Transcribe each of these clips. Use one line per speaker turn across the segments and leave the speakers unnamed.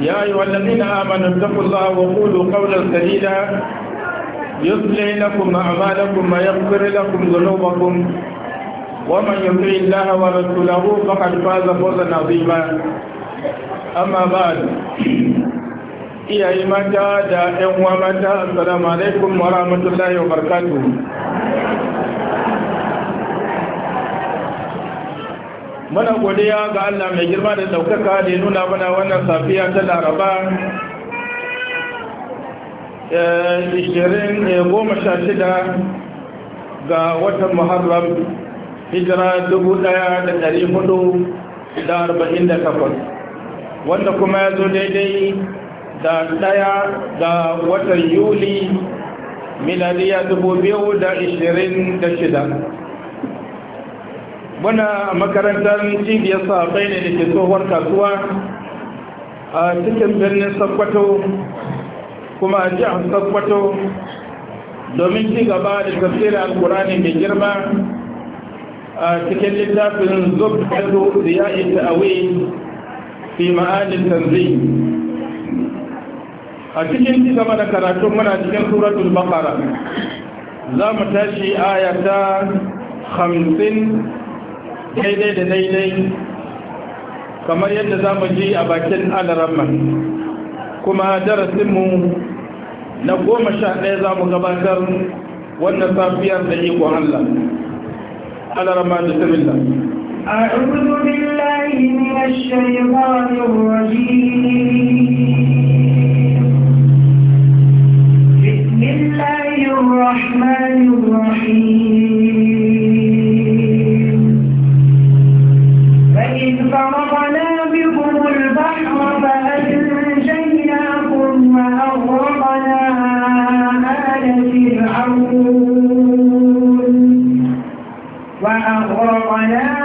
يا أيها الذين آمنوا اتقوا الله وقولوا قولا سديدا يصلح لكم أعمالكم ويغفر لكم ذنوبكم
ومن يطع
الله ورسوله فقد فاز فوزا عظيما أما بعد iyaye mata da 'yan uwa mata assalamu alaikum wa rahmatullahi wa barakatuh muna godiya ga Allah mai girma da daukaka da nuna mana wannan safiya ta laraba 2016 eh, eh, ga watan muharram hijira 1448 wanda kuma ya zo daidai da daya ga watan yuli miladiya 2026 muna makarantar cibiyar sahabai ne da ke tsohuwar kasuwa a cikin birnin sakwato kuma a jihar sakwato, domin ci gaba da tafsirin alkurani mai girma
a cikin littafin da isa a ta'awi fi ma'anin tanzi a cikin ci gaba da karatu muna cikin suratul baqara
za mu tashi aya hamsin daidai da daidai kamar yadda za mu ji a bakin alaramman kuma darasinmu na goma sha ɗaya za mu gabatar wannan safiyar da iko Allah alaramman da tabilla
أعوذ بالله بسم الله الرحمن خلقناكم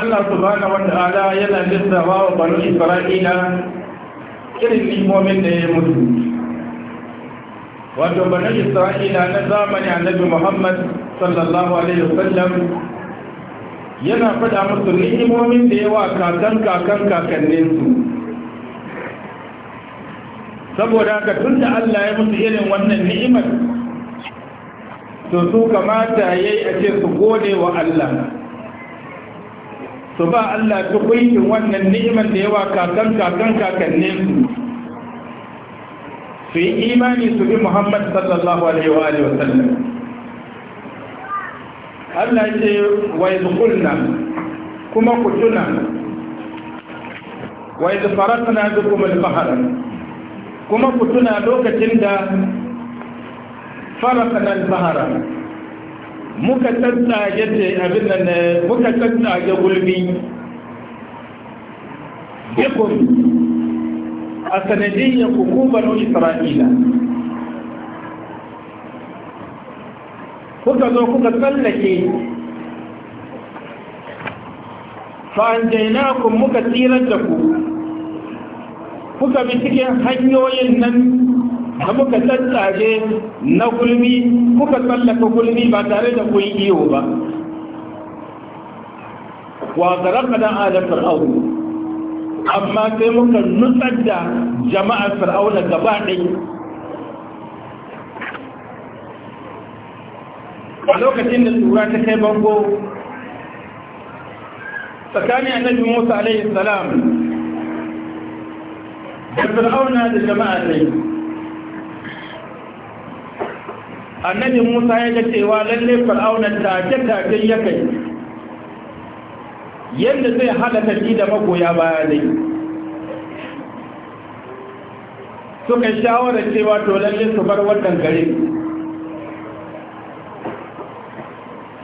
Allah subhanahu wata'ala yana lissawa wa banu Isra'ila irin limomin da ya mutu wato banu Isra'ila na zamani Annabi Muhammad sallallahu alaihi wasallam
yana faɗa musu limomin da yawa kakan kakan
kakannin su saboda ka tunda Allah ya musu irin wannan ni'imar to su kamata yayi a ce su gode wa Allah su ba Allah tukwaikin wannan ni'imar da yawa kakan kakan kakannin su su yi imani su bi Muhammad sallallahu alaihi wa alihi wasallam Allah ce wa yadkhulna kuma ku tuna wa yadfaratna bikum al-bahra kuma ku tuna lokacin da faratna al-bahra muka tattage ta abin nan muka tattage gulbi bikun a sanadiyyar hukumarin isra'ila kuka zo kuka tsallake fa'anjaina kun muka tsirar da ku kuka bi cikin hanyoyin nan da muka tattare na gulmi kuka tsallaka gulmi ba tare da kun iyo ba wa zaraka da ala fir'aun amma sai muka nutsar da jama'ar fir'auna gaba ɗaya a lokacin da tura ta kai bango tsakanin annabi musa alaihi salam da fir'auna da jama'a ɗaya annabi musa ya ga cewa lalle fir'auna take-take ya kai yadda zai halaka shi da magoya baya dai suka shawara cewa to lalle su bar wannan gari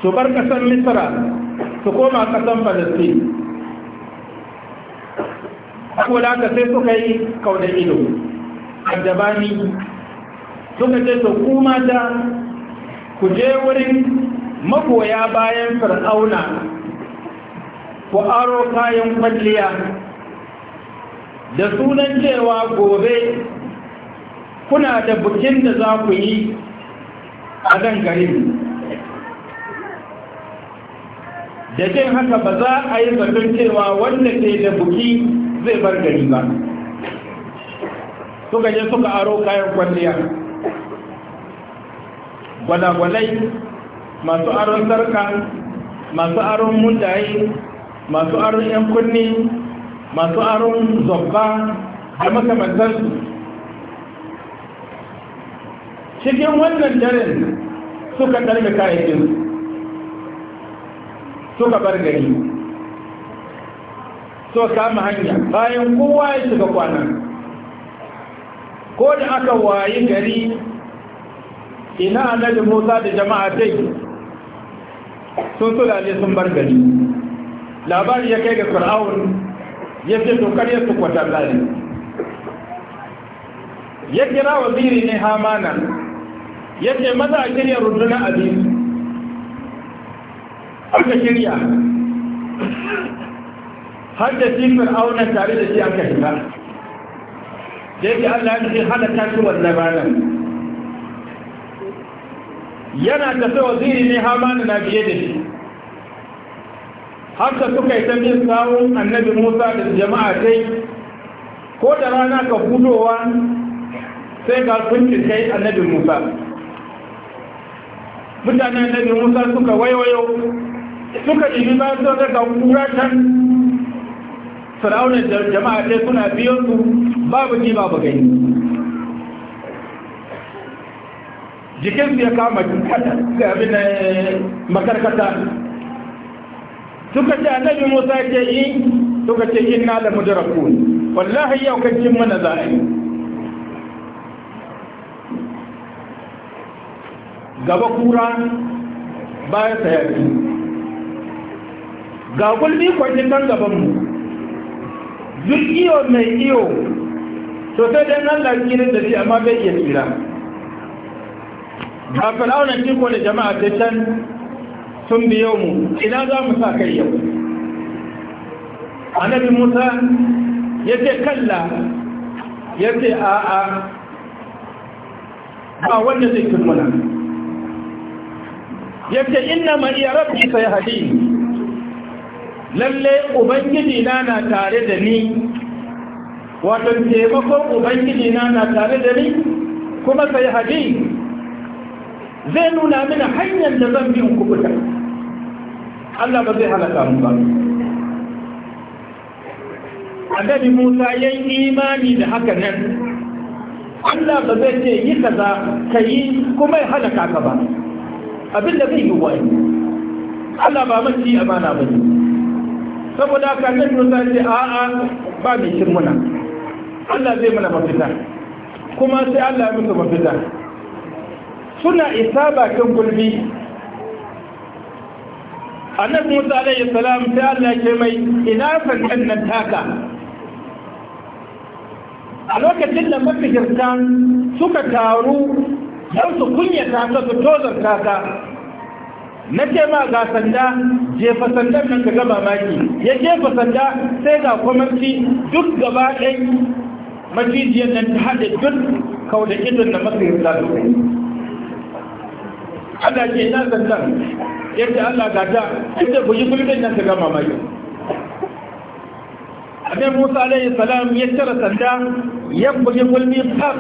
su bar kasan misra su koma kasan falastin kula ka sai suka yi kaunar ido addabani suka ce to ku mata ku je wurin magoya bayan fir'auna ku aro kayan kwalliya da sunan cewa gobe kuna da bukin da za ku yi a nan garin da jin haka ba za a yi zaton cewa wanda ke da buki zai bar gari ba suka je suka aro kayan kwalliya gwalagwalai masu aron sarka masu aron mundaye masu aron yan kunni masu aron zobba da makamantarsu cikin wannan jarin suka ɗarfe kayayyar suka bar gari so kama hanya bayan kowa ya shiga kwanan ko da aka wayi gari ina annabi Musa da jama'a dai? sun sulale sun bar gari labari ya kai ga Fir'aun ya ce to kar ya su kwatanta ne ya kira waziri ne Hamana ya ce maza a shirya rundunar abin aka shirya har da shi Fir'auna tare da shi aka shiga da yake Allah ya ce hana tashi wannan ranar yana tafi waziri ne hamana na biye da shi haka suka yi ta bin annabi musa da jama'a sai ko da rana ka hudowa sai ga sun kai annabi musa mutane annabi musa suka waiwayo suka ɗibi ba su daga kura can fir'aunar jama'a sai suna biyan su babu ji babu gani jikin ya kama ga abin makarkata suka ce annabi musa ke yi suka ce na da mudraku wallahi yau kan cin mana za'ayi gaba kura baya sayaki ga gulbi kwanci kan gabanmu duk iyo mai iyo Sosai sai dai nan lafi da shi amma bai iya tsira ba fir'auna ciko da jama'a ta can sun biyo mu ina za mu sa kai yau annabi musa ya ce kalla ya ce a'a ba wanda zai turmuna ya ce ina mariya rabbi sai hadi lalle ubangiji na na tare da ni wato taimakon ubangiji na na tare da ni kuma sai hadi zai nuna mini hanyar da zan biyan kubuta Allah ba zai halaka mu ba annabi Musa ya yi imani da haka nan Allah ba zai ce yi kaza ka yi kuma ya halaka ka ba abin da zai yi wa Allah ba mace amana ba ne saboda haka annabi Musa ya ce a'a ba mai cin muna Allah zai mana mafita kuma sai Allah ya musu mafita suna isa bakin gulbi annabi musa alayhi salam sai Allah ke mai ina sandan nan taka a lokacin da mafihirta suka taru don su kunyata ka su tozar taka. na ce ma ga sanda jefa sandan nan ka ga mamaki ya jefa sanda sai ga kwamarci duk gaba ɗai macijiyar nan ta haɗe duk kauda idon da mafihirta su kai Allah ce ina sandan yadda Allah ga da, inda ku yi gulbin nan ta gama mai Annabi Musa alaihi salam ya tara sanda ya bugi gulbi fab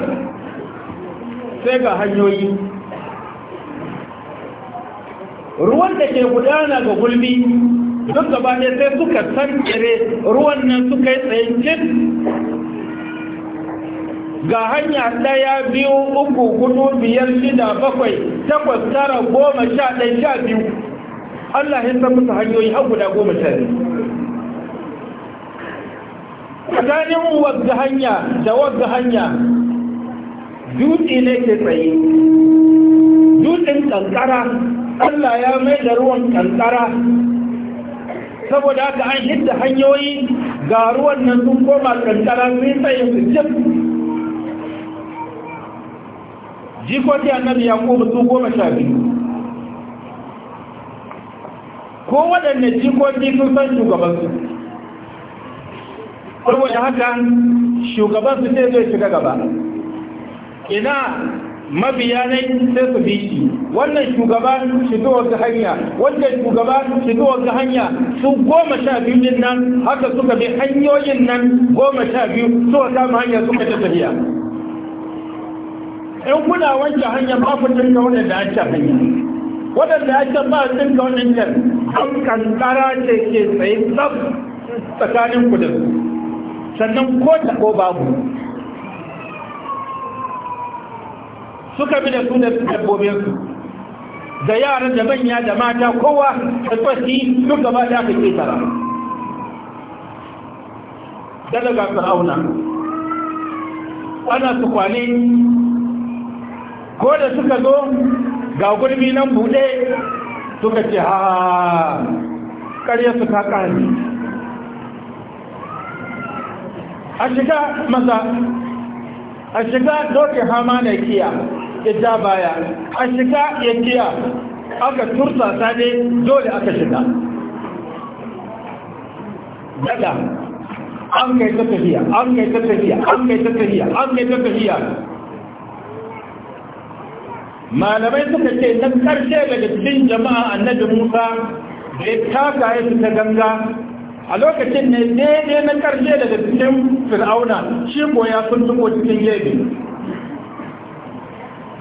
sai ga hanyoyi ruwan da ke gudana ga gulbi duk gaba ne sai suka tankere ruwan nan suka yi tsayin ga hanya ɗaya biyu uku hudu biyar shida bakwai takwas tara goma sha ɗaya sha biyu Allah ya san musu hanyoyi har guda goma sha biyu tsakanin wadda hanya da wadda hanya dutse ne ke tsaye dutsen kankara Allah ya mai da ruwan kankara saboda haka an hidda hanyoyi ga ruwan nan sun koma kankara sun tsaye su jim jikoki annabi ko su goma sha biyu ko waɗanne jikoki sun san shugaban shugabansu saboda haka shugaban su sai zai shiga gaba ina ne sai su bi shi wannan shi shigowar ga hanya wannan shi shigowar ga hanya su goma sha biyu din nan haka suka bi hanyoyin nan goma sha biyu suka samu hanya suka ta tafiya in kuna wanke hanya ba ku dinga waɗanda a can hanya waɗanda ake ba su dinga waɗanda an kankara ce ke tsaye tsaf tsakanin ku da sannan ko ta ko babu suka bi da su da dabbobinsu da yaran da manya da mata kowa da tsaki duk gaba da aka ke tara dalaga fir'auna ana su kwane ko da suka zo ga gurbi nan buɗe suka ce ha ƙarya su ta ƙari a shiga maza a shiga doke hama na kiya ita baya a shiga ya kiya aka tursa ta ne dole aka shiga
daga an kai ta tafiya an kai ta tafiya an kai ta tafiya an kai ta tafiya
malamai suka ce na karshe daga cikin jama'a annabi musa da ya taka ya fita ganga a lokacin ne daidai na karshe daga cikin fir'auna shi ko ya sun tuko cikin yebe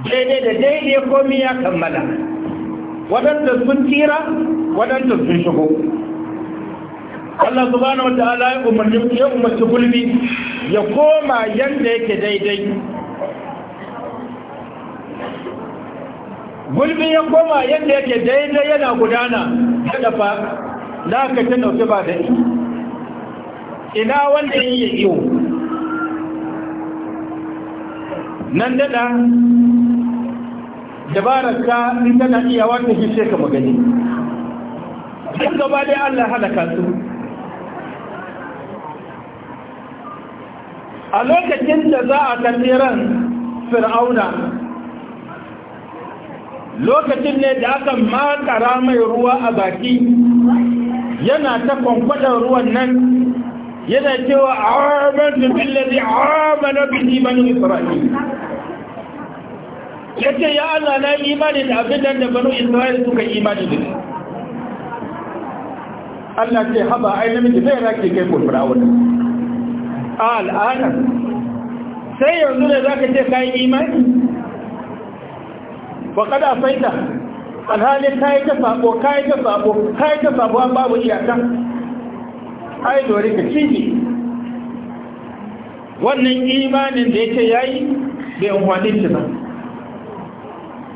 daidai da daidai komi ya kammala waɗanda sun tira waɗanda sun shigo Allah subhanahu wa ta'ala ya umarci gulbi ya koma yanda yake daidai gulbin ya koma yadda yake daidai yana gudana ya dafa na ka ta nauke ba daɗi ina wanda yi ya iyo nan dada dabarar ka in tana iya wata shi ka magani duk gaba dai Allah halaka su a lokacin da za a tafi ran fir'auna lokacin ne da aka makara mai ruwa a baki yana ta kwankwadar ruwan nan yana cewa a amantu billazi amana bihi bani isra'il yace ya Allah na imani da abin da banu isra'il suka imani da Allah ce haba ai namiji zai rake kai ko wani al'adar sai yanzu da ka ce kayan
imani
wa kada saita alhalin ta yi ta sabo ka yi ta sabo ka yi ta sabo an babu iyaka ai dore ka cinye wannan imanin da yake yayi bai amfani shi ba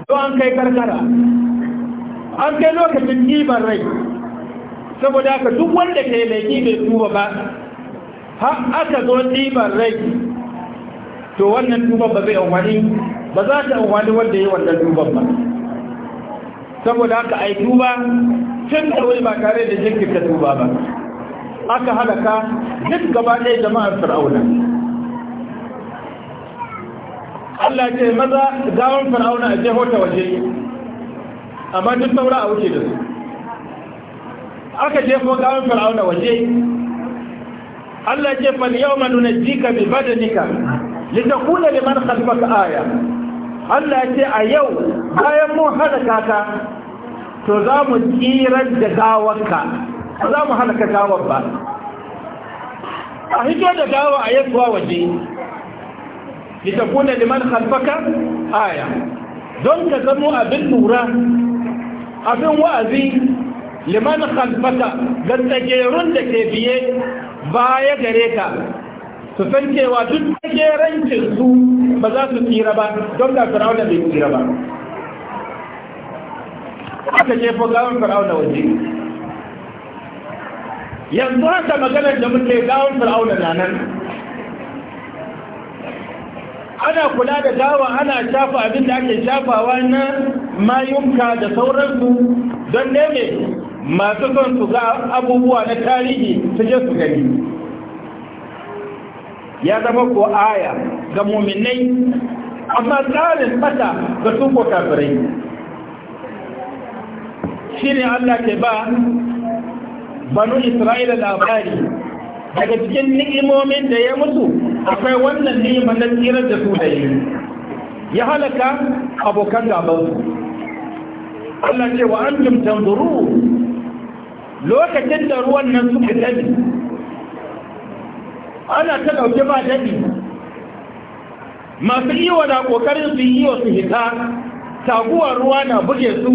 to an kai karkara an kai lokacin ɗiban rai saboda ka duk wanda ka yi laifi bai tuba ba ha aka zo ɗiban rai to wannan tuba ba zai amfani ba za ta wani wanda ya yi wannan duban ba saboda haka a yi duba tun da wani ba tare da jinkirta duba ba aka halaka duk gaba ɗaya jama'ar fir'auna
Allah ce maza gawon fir'auna a jeho ta waje amma duk saura a wuce da su aka jefo gawon fir'auna waje
Allah ce fal yawma jika bi badanika litakuna liman khalfaka aya Allah ce a yau bayan mun halaka ka to za mu tsirar da gawarka ba za mu halaka gawar ba
a hito da gawa a yasuwa waje
da liman khalfaka aya don ka zamo abin lura abin wa'azi liman khalfaka ga tsagerun da ke biye baya gare ka su san cewa duk gerancin su ba za su tsira ba don da fir'auna bai tsira ba aka jefo gawon fir'auna waje
yanzu haka maganar da muke gawon fir'auna na nan ana kula da gawa ana shafa
abin da ake shafawa na mayunka da sauransu don ne masu son su ga abubuwa na tarihi su je su gani ya zama ko aya ga muminai amma tsarin fata ga su ko kafirai shi ne Allah ke ba banu Isra'ila labari daga cikin ni'imomin da ya mutu akwai wannan ni'ima na tsirar da su da yi ya halaka abokan su Allah ce wa an tanzuru lokacin da ruwan nan suka tabi ana ta dauke ba daɗi masu wa na kokarin su wa su hita taguwar ruwa na buge su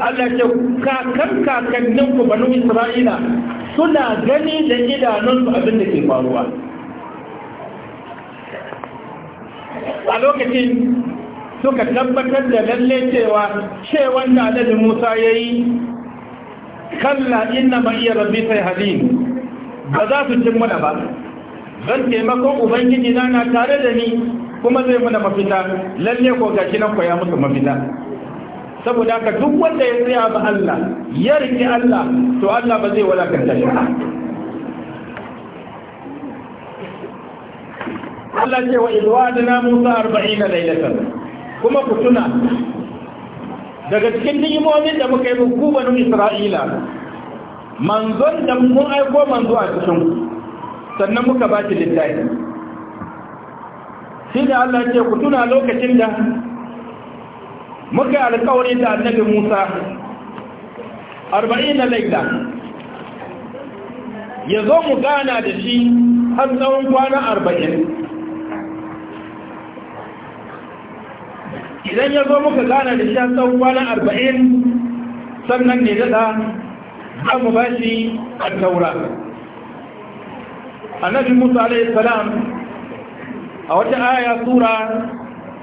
Allah ce kakan kakannin ku banu Isra'ila suna gani da idanunsu abin da ke faruwa a lokacin suka tabbatar da lalle cewa ce wanda alhaji musa ya yi kalla inna mai iya rabbi sai halin ba za su cin mana ba zan taimakon ubangiji na na tare da ni kuma zai mana mafita lalle ko gashi nan koya musu mafita saboda haka duk wanda ya tsaya ba Allah ya riƙe Allah to Allah ba zai walakanta shi Allah ce wa idwadna Musa 40 laylatan kuma ku tuna daga cikin ni'imomin da muka yi muku banu Isra'ila manzon da mun aiko manzo a cikin sannan muka ba ki littafi shi da Allah ce ku tuna lokacin da muka alƙawari da annabi Musa 40 laila ya zo mu gana da shi har tsawon kwana 40
idan ya zo muka gana da shi
har tsawon kwana 40 sannan ne da أما باشي التوراة النبي موسى عليه السلام أوجه آية سورة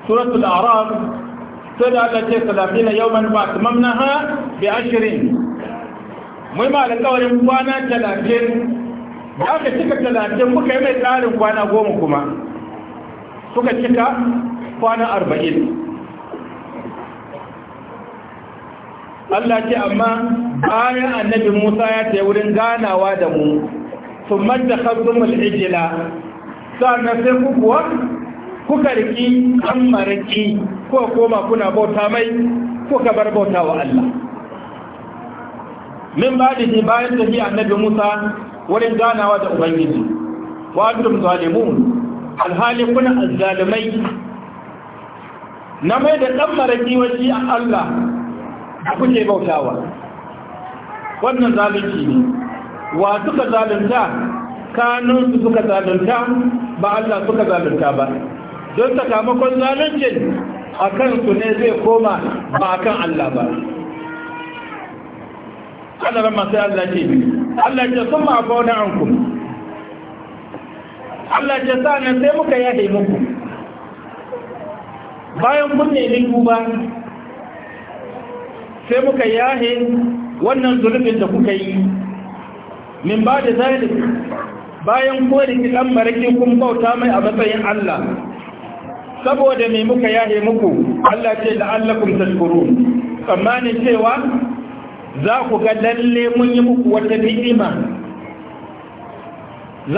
سورة الأعراب سورة التي سلامين يوما فأتممناها بعشرين مهم على قول مبانا تلاتين بعد تلك تلاتين بك يمي تعالي مبانا قومكما سوك تلك فانا أربعين Allah ce amma bayan annabi Musa ya ce wurin ganawa da mu sun manta hasumul ijila sannan sai ku kuwa kuka riki an mariki ko koma kuna bauta mai kuka bar bauta wa Allah min ba da bayan tafi annabi Musa wurin ganawa da Ubangiji wa antum zalimun alhali kuna azzalimai na mai da dan mariki a Allah abin ne bautawa wannan zalunci ne wa suka zalunta kanunsu suka zalunta ba Allah suka zalunta ba don sakamakon zaluncin a kansu ne zai koma ba a kan Allah ba ana masu sai Allah ce Allah ce sun ma na an ku Allah ce sa sai muka yaɗe muku bayan kun ne ba sai muka yahe wannan zulubin da kuka yi min ba da zalik bayan kodin dan marakin kun bauta mai a matsayin Allah saboda mai muka yahe muku Allah ce da kun tashkuru tsammanin cewa za ku ga lalle mun yi muku wata ni'ima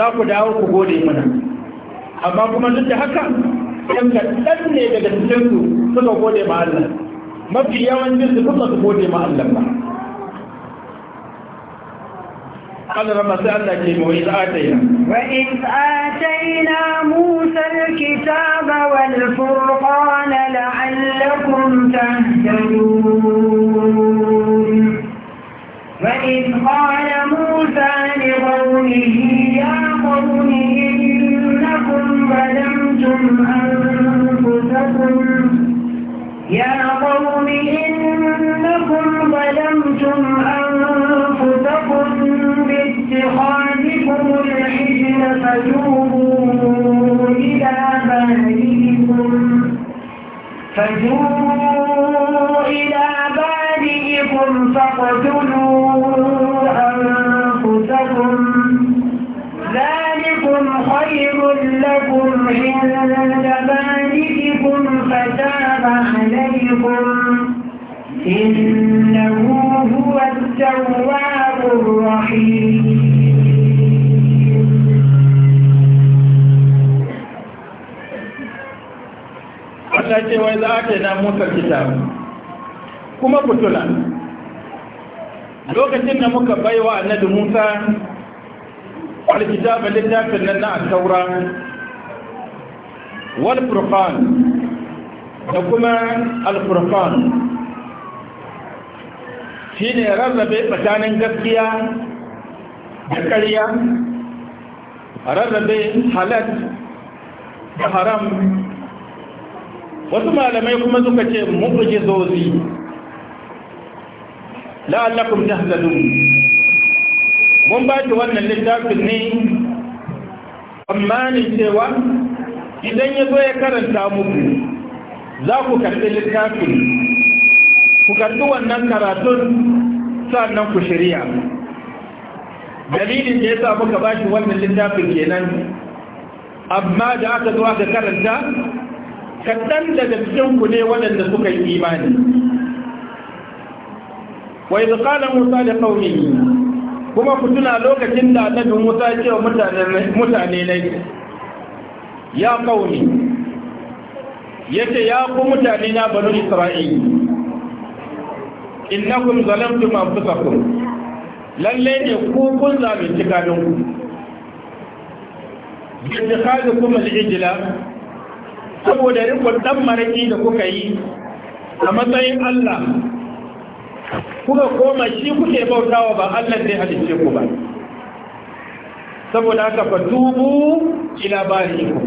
za ku dawo ku gode mana amma kuma duk da haka yanka kaɗan ne daga su, suka gode ma Allah mafi yawancin su kuma su gode ma Allah ba قال رب سألنا كيف وإذ آتينا
وإذ
آتينا موسى الكتاب والفرقان لعلكم تهتدون وإذ قال موسى لقومه يا قوم إنكم ظلمتم أنفسكم يا فجوا إلى بارئكم فاقتلوا أنفسكم ذلكم خير لكم عند بارئكم فتاب عليكم إن
ta ce wai za kai na musa kitabu kuma fitula lokacin da muka bai wa annabi Musa alkitaba littafin nan na taura wal furqan da kuma al furqan shine rarrabe batanin gaskiya da ƙarya rarrabe halat da haram wasu malamai kuma suka ce mu'jizozi la'allakum tahtadun mun ba ki wannan littafin ne amma ni cewa idan ya zo ya karanta muku za ku karɓi littafin ku karɓi wannan karatun sannan ku shirya dalilin da ya sa muka ba shi wannan littafin kenan amma da aka zo aka karanta kaɗan daga cikinku ku ne waɗanda suka yi imani wa idh qala musa li qaumihi kuma ku tuna lokacin da annabi musa ce wa mutane ne ya qaumi yace ya ku mutane na banu isra'il innakum zalamtum anfusakum lalle ne ku kun zalunci kaninku bi ittikhadikum al-ijla saboda rikon ɗan maraƙi da kuka yi a matsayin Allah kuka koma shi kuke bautawa ba Allah zai halice ku ba saboda haka fa tubu bari ku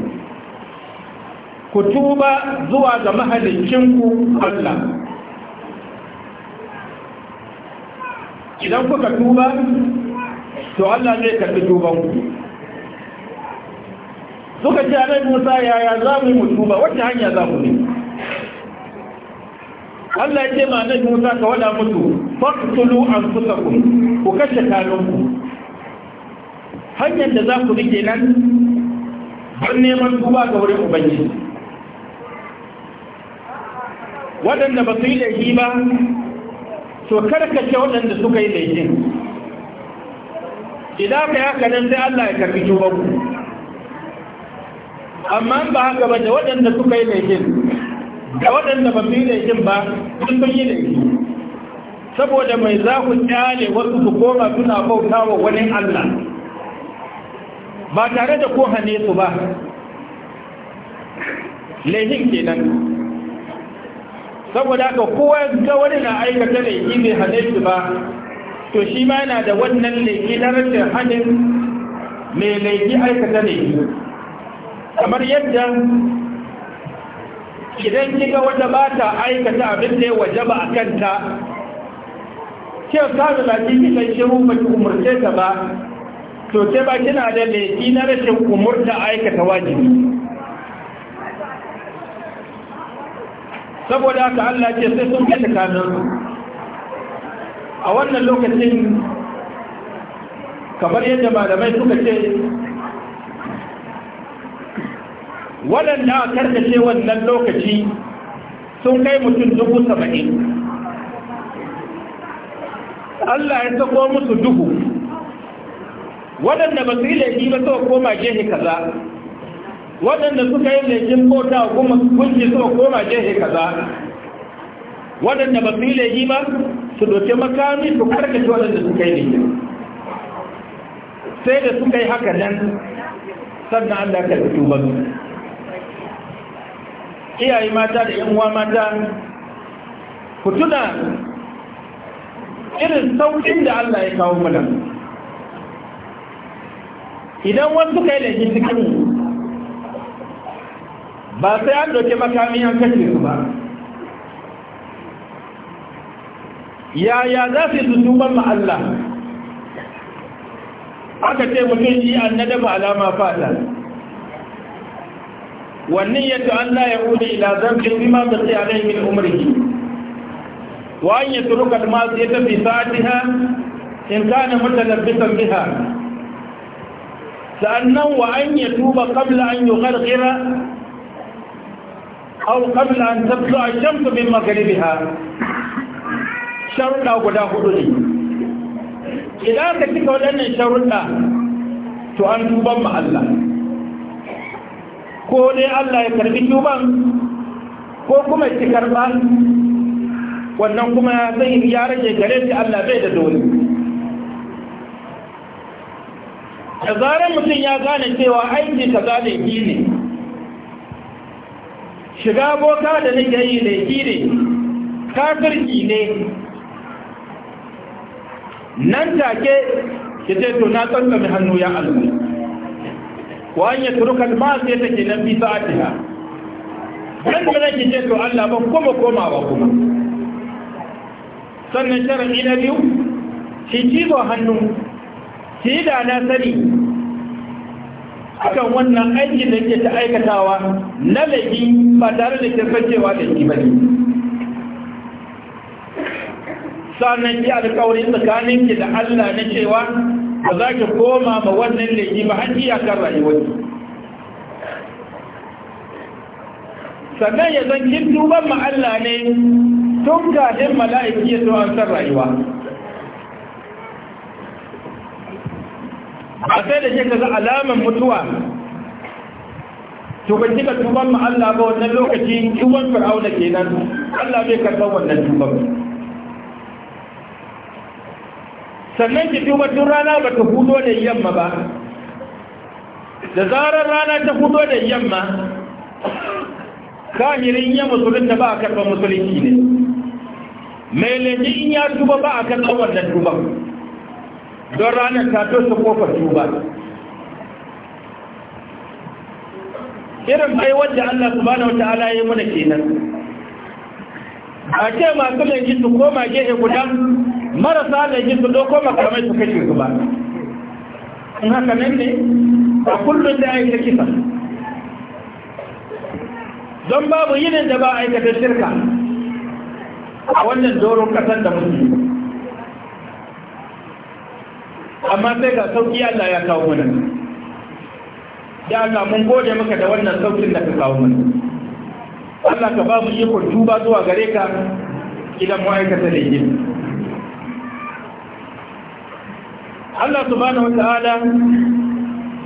ku tuba zuwa ga mahalicinku Allah idan kuka tuba to Allah zai karɓi tubanku suka ce anai Musa yaya za mu yi ba wacce hanya za mu bi Allah ya ce ma anai Musa ka wada mutu faqtulu anfusakum ku kashe kanunku hanyar da za ku bi kenan ban neman tuba ga wurin ubangiji waɗanda ba su yi laifi ba to karkace waɗanda suka yi laifin idan ka yi haka nan sai Allah ya karfi tubanku amma ba haka ba da waɗanda suka yi laifin da waɗanda ba su yi laifin ba sun sun yi laifin saboda mai za ku kyale wasu su koma suna bauta wa wani Allah ba tare da ko hane su ba laifin kenan saboda haka kowa ga wani na aikata laifi bai hane su ba to shi ma yana da wannan laifi na rashin hanin mai laifi aikata
laifi
kamar yadda idan kika wata ba ta aikata abin da ya ba a kanta ce ta da lati kisan shiru ba ki umarce ta ba to ce ba kina da laifi na rashin umurta aikata wajibi
saboda haka Allah ce sai sun kashe kanin a wannan lokacin
kamar yadda malamai suka ce waɗanda a karkace wannan lokaci sun kai mutum dubu saba'in Allah ya sako musu duhu
waɗanda ba su yi laifi ba su
koma gehe kaza waɗanda suka yi laifin kota kuma kunci su koma gehe kaza waɗanda ba su yi laifi ba su doke makami su karkace waɗanda suka yi laifin sai da suka yi haka nan sannan Allah ya karkace ba iyaye mata da uwa mata ku tuna irin sauƙin da Allah ya kawo mana idan wasu kai da cikin ba sai an doke makami an kashe su ba yaya za su yi tuban ma Allah aka ce mutum yi an dafa alama fata والنية أن لا يعود إلى ذنب بما بقي عليه من عمره وأن يترك الماضية في ساعتها إن كان متلبسا بها لأنه وأن يتوب قبل أن يغرغر أو قبل أن تطلع الشمس من مغربها شرنا ولا hudu إذا idan aka شرنا waɗannan sharuɗa الله ko dai Allah ya karbi tuban ko kuma ki karba wannan kuma zai ya rage gare shi Allah bai da dole da zarar mutum ya gane cewa aiki ta gane ki ne shiga boka da nake yi ne ki ne kafirki ne nan take ki ce to na tsantsami hannu ya Allah wa an yatruka al-ma'siyata kenan bi sa'atiha dan da nake ce to Allah ban koma koma ba kuma sannan shar'i na biyu shi cizo hannu shi da na sani akan wannan aiki da yake ta aikatawa na laifi ba tare da kirkancewa da shi ba ne sannan ki alƙawarin ki da Allah na cewa ba za ki koma ma wannan laifi ba har iyakar rayuwarki
sannan ya zan kin tuban
ma Allah ne tun kafin mala'iki ya zo an san rayuwa a sai da ka ga alaman mutuwa to ban kika tuban ma Allah ba wannan lokaci tuban fir'auna kenan Allah bai karɓar wannan tuban sannan ki duba tun rana ba ta hudo da yamma ba da zarar rana ta hudo da yamma Kamirin ya da ba a karɓar musulunci ne mai laifi in ya tuba ba a karɓar wannan tuban don ranar ta su kofar tuba irin bai wadda Allah subhanahu wata Ala ya muna kenan a ce masu laifi su koma gehe guda marasa yake su doko makamai su kashe su ba in haka nan ne a kullum da aika kisa don babu yinin da ba a aikata shirka a wannan doron kasar da musu amma sai ga sauƙi Allah ya kawo mana ya Allah mun gode maka da wannan sauƙin da ka kawo mana Allah ka ba mu ikon tuba zuwa gare ka idan mu aikata da yin Allah subhanahu wata'ala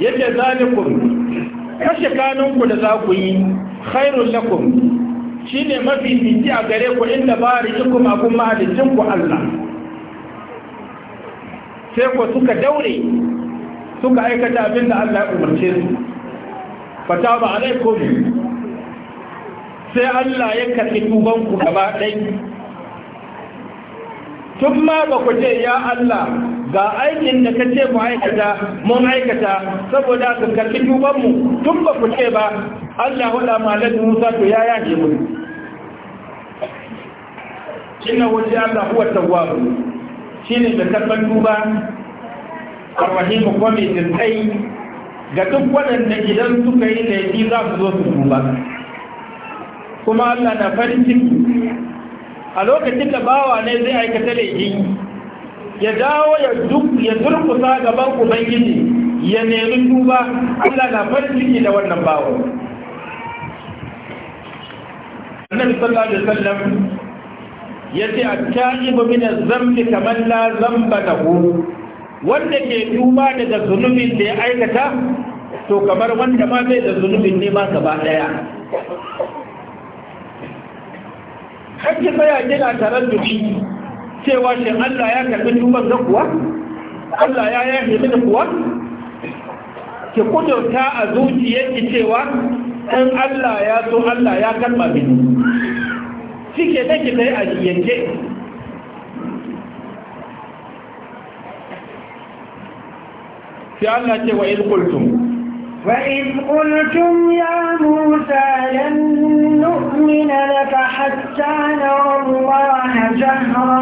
yadda zalikum kashe kanunku da za ku yi khairun lakum shine mafi fiti a gare ku inda barikikum abun mahalicin ku Allah sai ku suka daure suka aikata abin da Allah ya umarce su fata ba alaikum sai Allah ya karɓi tubanku gaba ɗai tun ma ba ku ce ya Allah ga aikin da kace mu aikata mun aikata saboda ka karbi duban mu tun ba ku ce ba Allah wala malan Musa to ya yaje mu inna waje Allah huwa tawwab shine da karban duba, arrahim kuma mai tsayi ga duk waɗanda idan suka yi laifi za su zo su duba. kuma Allah na farin
ciki
a lokacin da bawa ne zai aikata laifi ya dawo ya durkusa gaban ubangiji ya nemi duba Allah na farin ciki da wannan bawo annabi sallallahu alaihi wasallam yace at-ta'ibu min adh zambi kaman la dhanba lahu wanda ke duba daga zunubin da ya aikata to kamar wanda ma bai da zunubin ne ma gaba daya hakki tsaya kina tare da cewa shi Allah ya karɓi tuban da kuwa Allah ya yafe da kuwa ki kudurta a ki cewa in Allah ya so Allah ya karba mini shike ki kai a yanke sai Allah ce wa ilkultum
وإذ قلتم يا موسى لن نؤمن لك حتى نرى الله جهرا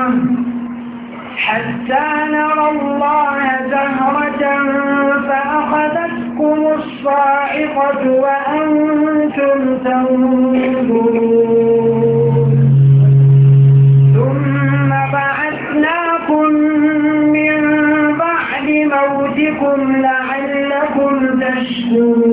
حتى نرى الله زهرة فأخذتكم الصاعقة وأنتم تنظرون ثم بعثناكم من بعد موتكم لعلكم تشكرون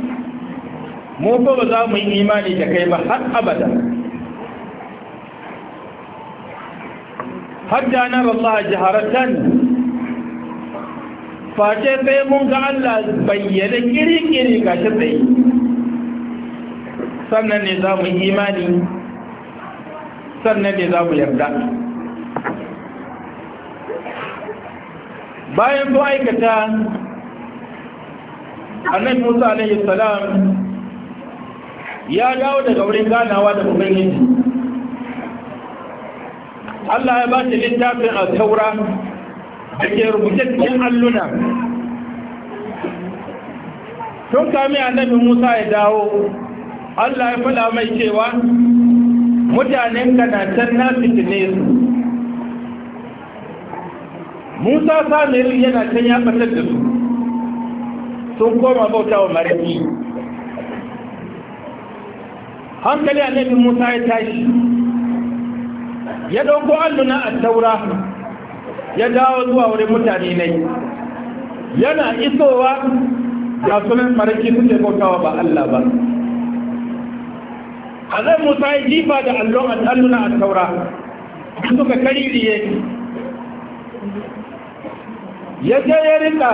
mu fa ba za mu yi imani da kai ba har abada
hatta na Allah jaharatan
face sai mun ga Allah bayyana kirikiri ga shi tsaye sannan ne za mu yi imani sannan ne za mu yarda bayan su aikata annabi Musa alaihi salam ya dawo daga wurin ganawa da ubangiji Allah ya ba shi littafin al-taura da ke rubuce cikin alluna tun kami annabi Musa ya dawo Allah ya fada mai cewa mutanen can na fitine su Musa samir yana can ya fatar da su sun koma bauta wa mariki hankali annabi musa ya tashi ya ɗauko alluna a taura ya dawo zuwa wurin mutane ne yana isowa ga sunan farki suke kokawa ba Allah ba azan musa ya jifa da allon alluna a taura suka kaririye ya je ya rika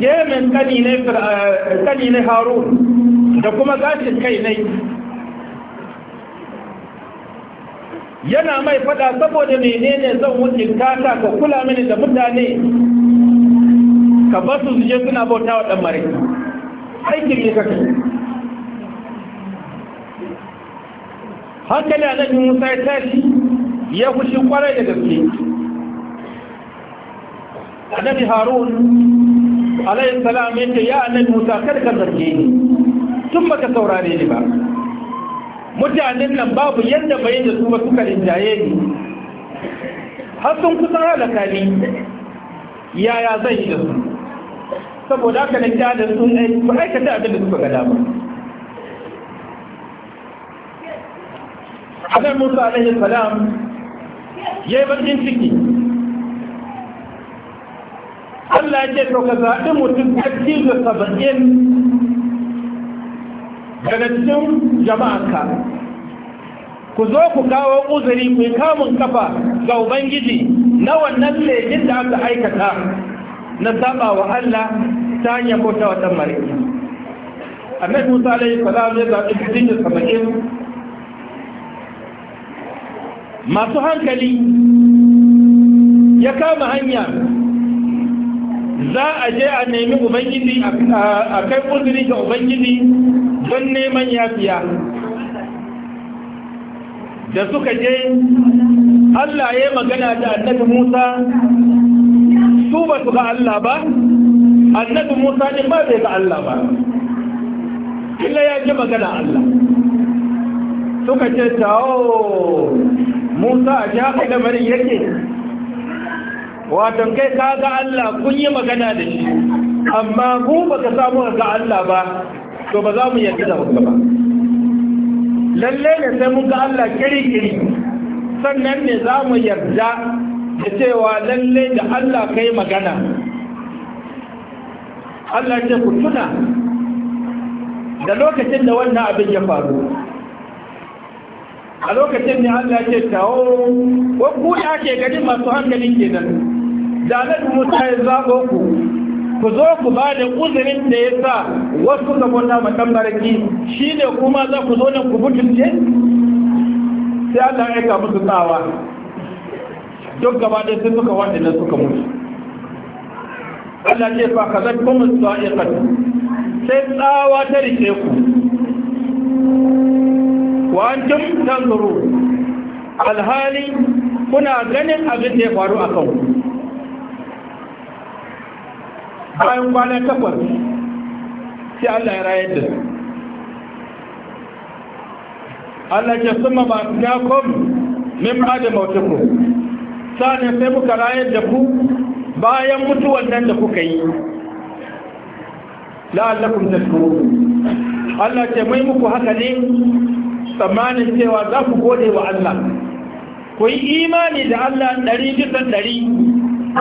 gemen kani ne eh, haru da kuma gashin kai ne yana mai fada saboda menene zan wuce kata ka kula mini da mutane ka ba su je suna bauta wa dan mare
aikin ne kake
hankali annabi Musa ya tashi ya kushi kwarai da gaske annabi Harun alayhi salam yace ya annabi Musa kada ka zarge ni tun baka saurare ni ba mutanen nan babu yadda bai da su ba suka rinjaye ni har sun kusan halaka ni yaya zai yi da su saboda aka na ja da sun aikata abin da suka gada ba Adan Musa alaihi salam ya yi bakin ciki Allah ya ce to ka zaɓi mutum ɗan cizo saba'in daga cikin jama'anka ku zo ku kawo uzuri ku yi kamun kafa ga ubangiji na wannan lejin da aka aikata na saba wa Allah ta ko ta wata mariki mai musa alaihi salam ya zaɓi cikin saba'in masu hankali ya kama hanya za a je a nemi ubangiji a kai uzuri ga ubangiji don neman yafiya da suka je Allah ya magana da annabi Musa su ba su ga Allah ba annabi Musa din ba zai ga Allah ba illa ya ji magana Allah suka ce tawo Musa a ji haka lamarin yake wato kai ka ga Allah kun yi magana da shi amma ku ka samu ga Allah ba to ba za mu yarda da ba lalle ne sai mun ga Allah kiri-kiri sannan ne za mu yarda da cewa lalle da Allah kai magana Allah ce ku tuna da lokacin da wannan abin ya faru a lokacin ne Allah ce tawo ko ku ke gani masu hankalin kenan da nan musa ya zaɓo ku ku zo ku ba da uzurin da ya sa wasu ga kwanta matan baraki shi ne kuma za ku zo nan ku mutunce sai Allah ya ga musu tsawa duk gaba da sai suka wanda nan suka mutu Allah ce fa zai kuma sa'iqat sai tsawa ta rike ku wa tanzuru alhali kuna ganin abin da ya faru a kanku bayan kwana takwas sai Allah ya rayar da su Allah ke suma ba ya kom min ba da mautuku sai muka rayar da ku bayan mutuwan nan da kuka yi la'allakum tashkuru Allah ce mai muku haka ne tsammanin cewa za ku gode wa Allah ku yi imani da Allah ɗari bisa ɗari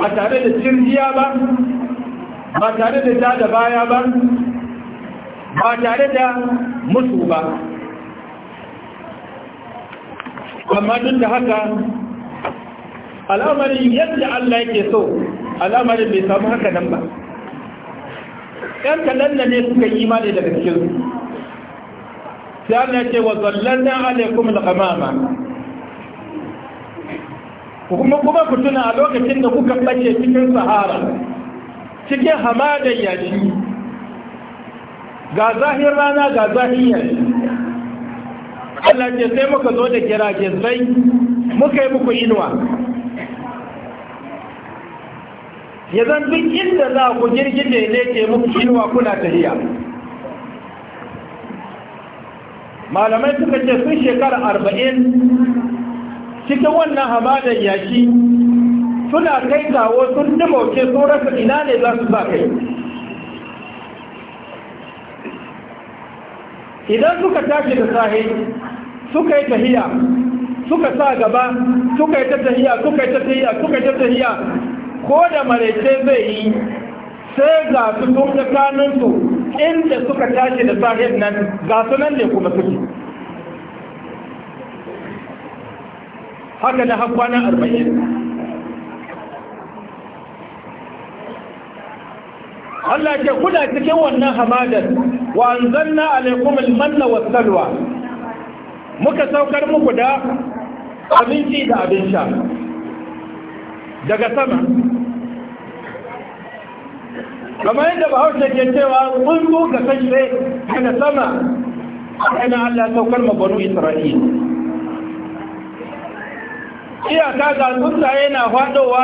ba tare da cirjiya ba ba tare da ta da baya ba ba tare da musu ba amma duk da haka al'amarin yadda Allah yake so al'amarin bai samu haka nan ba ‘yan kaɗan da ne suka yi imani daga cikin su. sai Allah ce wa zallanna alaikum al kuma kuma ku tuna a lokacin da kuka bace cikin sahara cikin hamadan yashi ga zahin rana ga zahin yashi Allah ce sai muka zo da zai muka yi muku inuwa ya zan duk inda za ku jirgin da ne ke muku inuwa kuna tahiya
malamai suka ce sun
shekara arba'in cikin wannan hamadan yashi suna kai kawo sun dimauce sun rasa ina ne za su sa kai idan suka tashi da sahi suka yi tahiya suka sa gaba suka yi ta tahiya suka yi ta tahiya suka yi ta tahiya ko da maraice zai yi sai ga su tun kanunsu inda suka tashi da sahi nan ga su nan ne kuma suke haka na har arba'in
Allah ke kuna cikin wannan
hamadar wa anzalna alaikum almanna wassalwa muka saukar muku da abinci da abin sha daga sama
kamar yadda bahaushe ke cewa
tsuntsu ga kashe daga sama Ina Allah saukar mabanu Isra'il iyaka ga tsuntsaye na faɗowa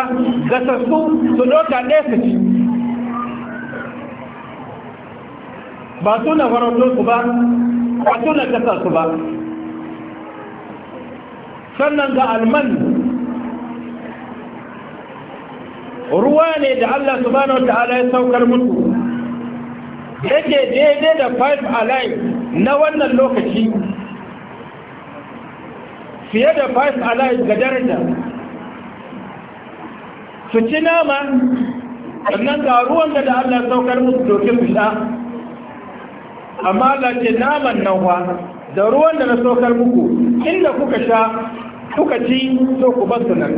ga sassu su doka ɗaya su ci ba su na su ba ba na kasa su ba sannan ga alman
ruwa ne da Allah subhanahu
wa ta'ala ya saukar mutu yake daidai da five alive na wannan lokaci fiye da five alive ga darajar su ci nama sannan ga ruwan da Allah saukar musu dokin su sha amma Allah ce naman nan fa da ruwan da na saukar muku inda kuka sha kuka ci to ku bar nan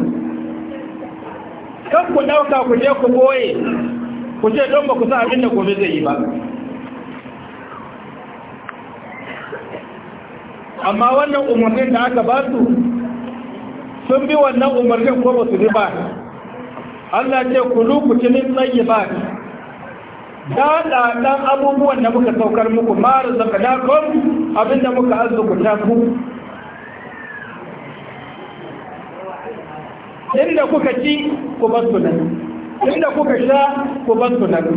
kan ku ɗauka ku je ku boye ku ce don ba ku sa abin da gobe zai yi ba
amma wannan umarnin da aka ba su
sun bi wannan umarnin ko ba su bi ba Allah ce ku lu ku min tsayi ba daɗaɗan abubuwan da muka saukar muku mara zaka dakon abinda muka arzukuta ku
inda kuka ci
ku ba su nan inda kuka sha ku ba su nan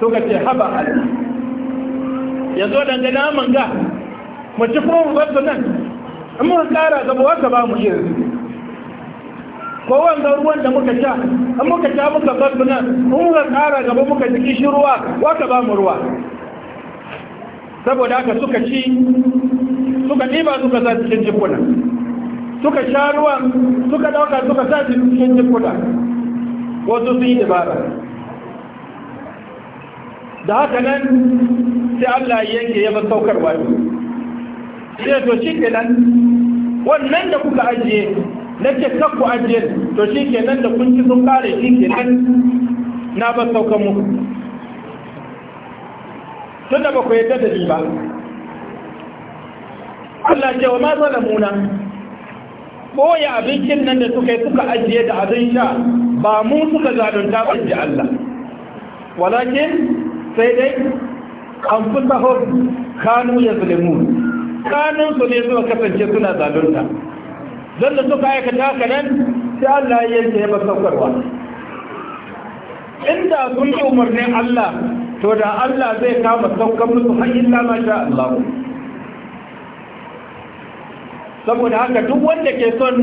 suka ce haba
Allah ya zo dangane naman ga mu ci kuma ku ba su nan in mun kara zama wata ba mu irin ko wanga ruwan da muka sha an muka sha muka bar nan in muka kara gaba muka ji shi ruwa waka ba mu ruwa saboda haka suka ci suka ɗiba suka sa cikin jikuna suka sha ruwan suka ɗauka suka sa cikin jikuna wasu sun yi ibara da haka nan sai Allah ya yanke ya bar saukar wani sai to shi kenan wannan da kuka ajiye na ce kakku ajiyar to shi ke nan da kunci sun kare shi ke nan na ba sauka muku tun da ba ku yadda da ni ba Allah ce wa ma zalamuna abincin nan da suka yi suka ajiye da abin sha ba mu suka zalunta ba ji Allah walakin sai dai an fi sahur kanu ya zulemu kanun su ne zuwa kasance suna zalunta don da suka aikata haka nan sai Allah ya yanke ya masaukarwa inda sun yi umarnin Allah to da Allah zai kama saukar musu hanyar lama sha Allah saboda haka duk wanda ke son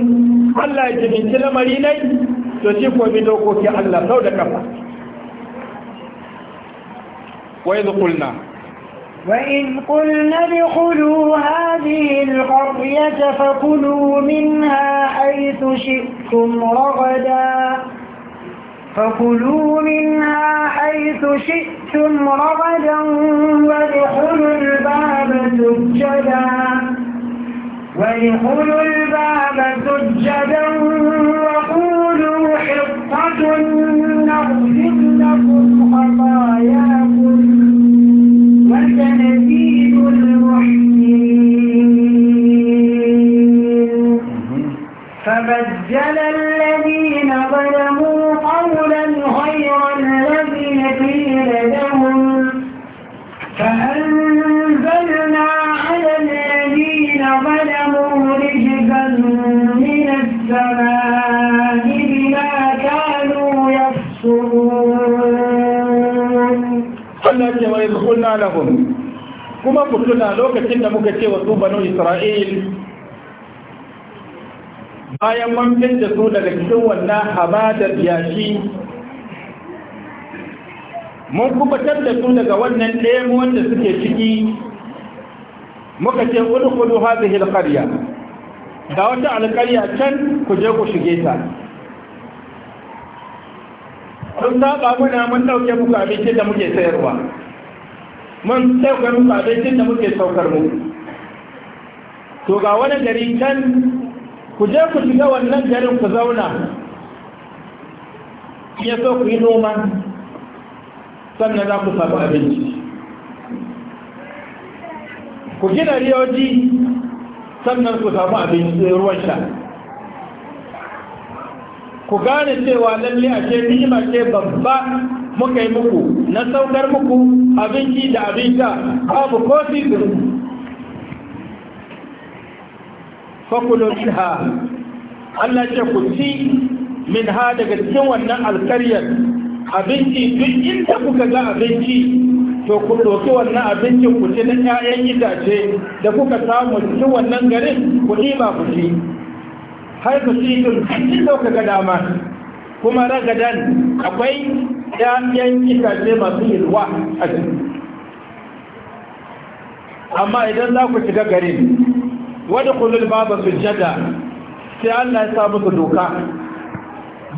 Allah ya jibinci lamari nai to shi ko bi dokoki Allah sau da kafa wai zukulna
وإن قلنا ادخلوا هذه القرية فكلوا منها حيث شئتم رغدا فكلوا منها حيث شئتم رغدا وادخلوا الباب سجدا وادخلوا الباب سجدا وقولوا حطة نغفر لكم خطاياكم فبدل الذين ظلموا قولا غير الذي قيل لهم فأنزلنا على الذين ظلموا رجزا من السماء بما كانوا يفسرون
لهم ويدخلنا لهم كما قلنا لوكة إن مكتوى بنو إسرائيل bayan man da su daga cikin wannan hamadar yashi mun kubatar da su daga wannan ɗemu wanda suke ciki muka ce wani kudu hazihi hilkariya da wata alkariya can ku je ku shige ta sun saba muna mun ɗauke muku abincin da muke sayarwa mun ɗauke muku abincin da muke saukar mu to ga wani gari can ku je ku shiga wannan garin ku zauna ya so ku yi noma sannan za ku samu abinci ku gina riyoji sannan ku samu abinci ruwan sha ku gane cewa lalle a ce ni'ima ce babba muka yi muku na saukar muku abinci da abin sha babu ko fakulo minha Allah ce ku ci min ha daga cikin wannan alkaryar abinci duk inda kuka ga abinci to ku ɗauki wannan abincin ku ci na 'ya'yan itace da kuka samu cikin wannan garin ku ɗiba ku ci har ku ci duk cikin kuka ga dama kuma ragadan akwai 'ya'yan itace masu yalwa a ciki amma idan za ku shiga garin wadda kullum babu jada sai Allah ya samu musu doka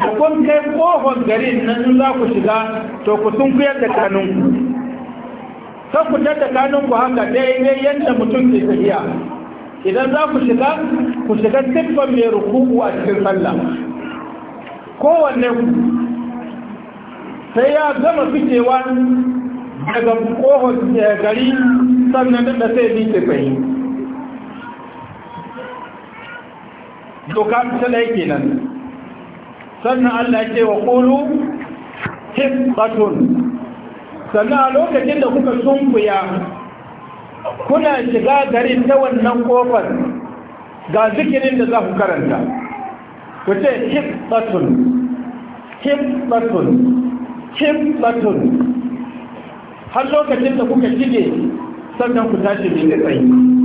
da kun kai kofar garin nan in za ku shiga to ku sun kuyar da kanun. kan ku kanun ku haka daidai yadda mutum ke tafiya idan za ku shiga ku shiga siffar mai rukuku a cikin sallah kowanne ku sai ya gama fitewa daga kofar eh, gari sannan da sai bi fahimta doka misalai kenan sannan Allah ce wa qulu hibbatun sannan a lokacin da kuka sunkuya kuna shiga gari ta wannan kofar ga zikirin da za ku karanta ku ce hibbatun hibbatun hibbatun har lokacin da kuka shige sannan ku tashi da tsayi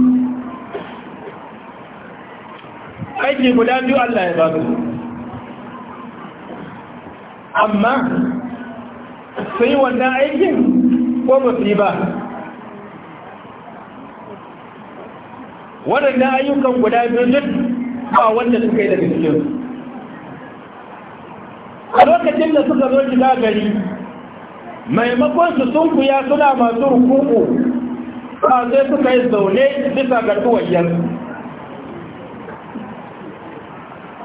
aiki guda biyu Allah ya ba su amma sai yi wannan aikin ko ba ba waɗannan ayyukan guda biyu duk ba wanda suka yi da cikin a lokacin da suka zo shiga gari maimakon su sun kuya suna masu rukuku ba sai suka yi zaune bisa ga tuwayyarsu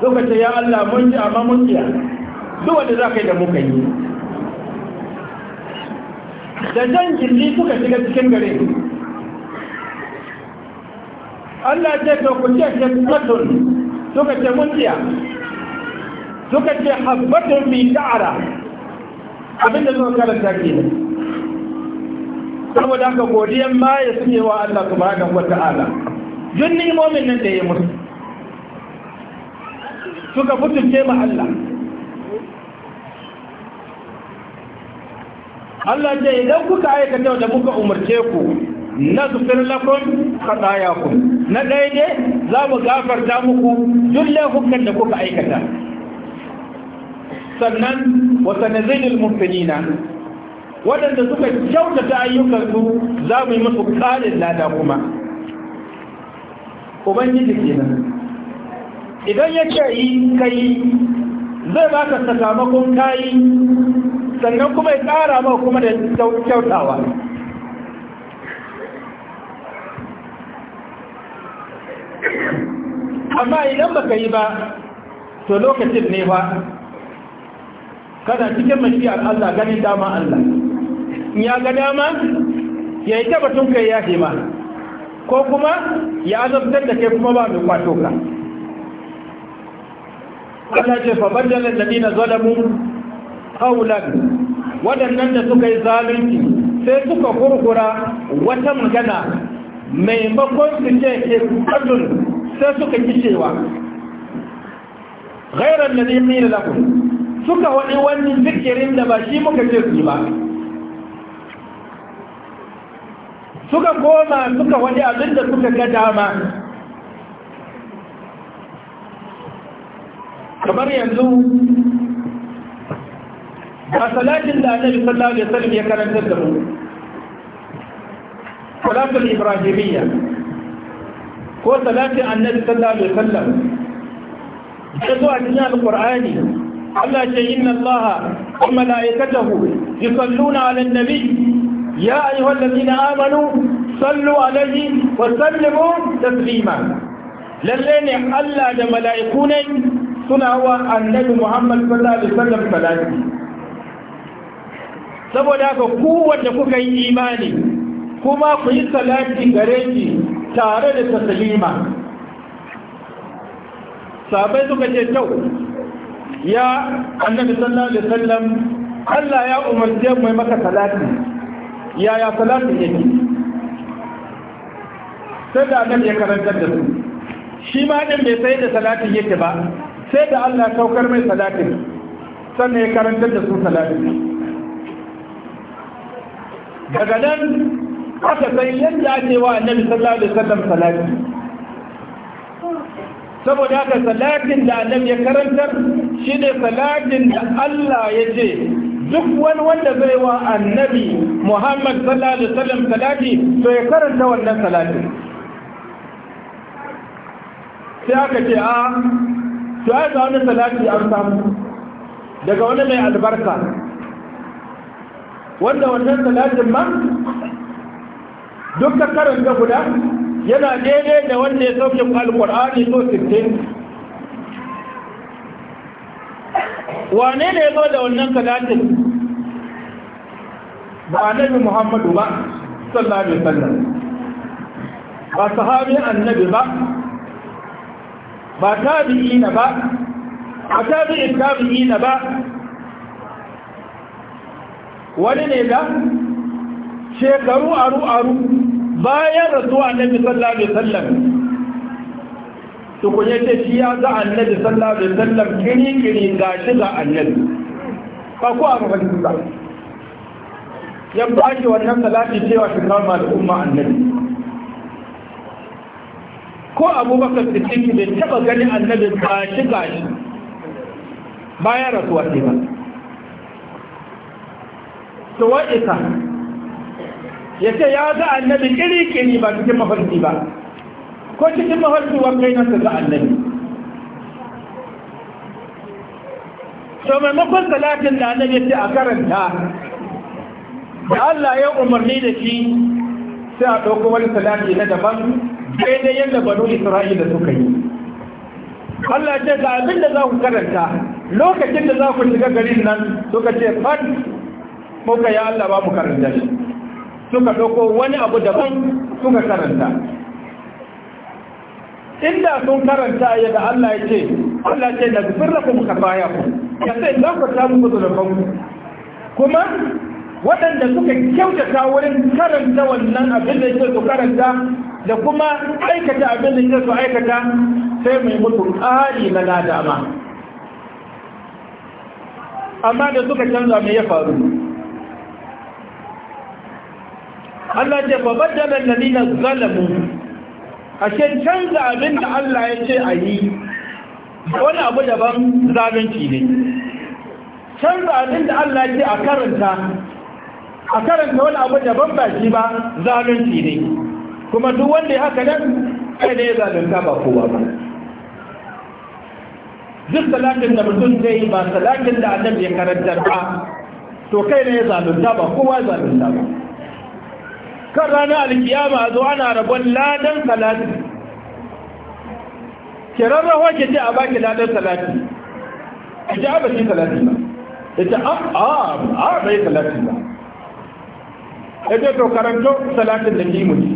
lokacin ya Allah mun ji amma mun kiya duk wanda za ka yi da muka yi da jan gilli suka shiga cikin gare Allah ce to ku ce ke tsatsun suka ce mun kiya suka ce habbatun bi ta'ara abinda zuwa karanta ke saboda haka godiyan ma ya suke wa Allah subhanahu wa ta'ala duk ni'imomin nan da ya musu suka mutunce ma Allah Allah ce idan kuka aikata da muka umarce ku na zufir lafon khataya ku na ɗaya ne za mu gafarta muku duk laifukan da kuka aikata sannan wata nazilin mumfinina waɗanda suka kyautata ayyukansu za mu yi musu ƙarin lada kuma ubangiji kenan idan ya ce yi kai zai ba ka sakamakon ka sannan kuma ya tsara ma kuma da kyautawa amma idan ba ka yi ba to lokacin ne ba kada cikin mashiyar Allah ganin dama Allah ya ga dama ya yi tabbatun kai ya ma ko kuma ya azabtar da kai kuma ba mai kwato ka Allah ce fa bayyana ladina zalamu qawlan wadannan da suka yi zalunci sai suka kurkura wata magana maimakon su ce isqadun sai suka ki cewa ghayra alladhi qila lakum suka wani wani zikirin da ba shi muka ce su ba suka koma suka wani abin da suka ga dama kamar yanzu a salatin da annabi sallallahu alaihi wasallam ya karanta da mu salatul ibrahimiyya ko salatin annabi sallallahu alaihi wasallam ya zo a cikin alqur'ani Allah ce inna Allah wa malaikatahu yusalluna 'alan nabi ya ayyuhallazina amanu sallu 'alaihi wa sallimu taslima lalle ne Allah da mala'iku ne suna annabi muhammad sallallahu alaihi wasallam salati saboda haka ku wanda kuka yi imani kuma ku yi salati gare shi tare da taslima sabai suka ce kyau ya annabi sallallahu alaihi wasallam Allah ya umarce mu maka salati yaya salati yake sai da annabi ya karantar da su shi ma din bai sai da salati yake ba sai da Allah saukar mai salatin sannan ya karantar da su salatin daga nan aka san yadda ake wa annabi sallallahu alaihi wasallam salati saboda haka salatin da annabi ya karantar shine salatin da Allah ya ce duk wani wanda zai wa annabi Muhammad sallallahu alaihi wasallam salati to ya karanta wannan salatin sai aka ce a ah, to ai ga wani salati an samu daga wani mai albarka wanda wannan salatin ma duk karanta guda yana daidai da wanda ya sauke alkur'ani so 60 wane ne zo da wannan salatin ba annabi muhammadu ba sallallahu alaihi wasallam ba sahabi annabi ba ba tabi'i na ba a tabi'in tabi'i na ba wani ne da shekaru aru-aru bayan rasu annabi sallallahu alaihi wasallam tukun yace shi ya ga annabi sallallahu alaihi wasallam kiri-kiri ga shi ga annabi ba ku a gaban dutsa ya ba wannan salati cewa shi kama da umma annabi ko abubakar siddiq bai taba gani annabi ba shi gashi bayan rasuwa ne ba to wa'ika ya ce ya ga annabi iri kiri ba cikin mafarki ba ko cikin mafarki wa kai nan ga annabi to maimakon salatin da annabi ce a karanta da Allah ya umarni da shi sai a ɗauko wani salati na daban daidai yadda banu isra'ila suka yi Allah ce ga abin da za ku karanta lokacin da za ku shiga garin nan suka ce fad muka ya Allah ba mu karanta shi suka ɗauko wani abu daban suka karanta inda sun karanta da Allah ya ce Allah ce da zufin rafi muka baya ku ya sai za ku samu ku zurfan kuma waɗanda suka kyautata wurin karanta wannan abin da ya ce su karanta da kuma aikata abin da su aikata sai mai mutu ƙari na ladama amma da suka canza mai ya faru Allah ce da lalina zalamu a ce canza abin da Allah ya ce a yi wani abu daban zalunci ne canza abin da Allah ya ce a karanta a karanta wani abu daban ba shi ba zalunci ne kuma duk wanda ya haka nan kai ne ya zalunta ba kowa ba duk salatin da mutum zai ba salatin da annabi ya karantar ba to kai ne ya zalunta ba kowa zalunta ba kan ranar alkiyama zo ana rabon ladan salati kiran rawa ki ce a baki ladan salati a ji a baki salati ba ce a ah, a ah, a ah, bai salati ba ce to karanto salatin da kimuci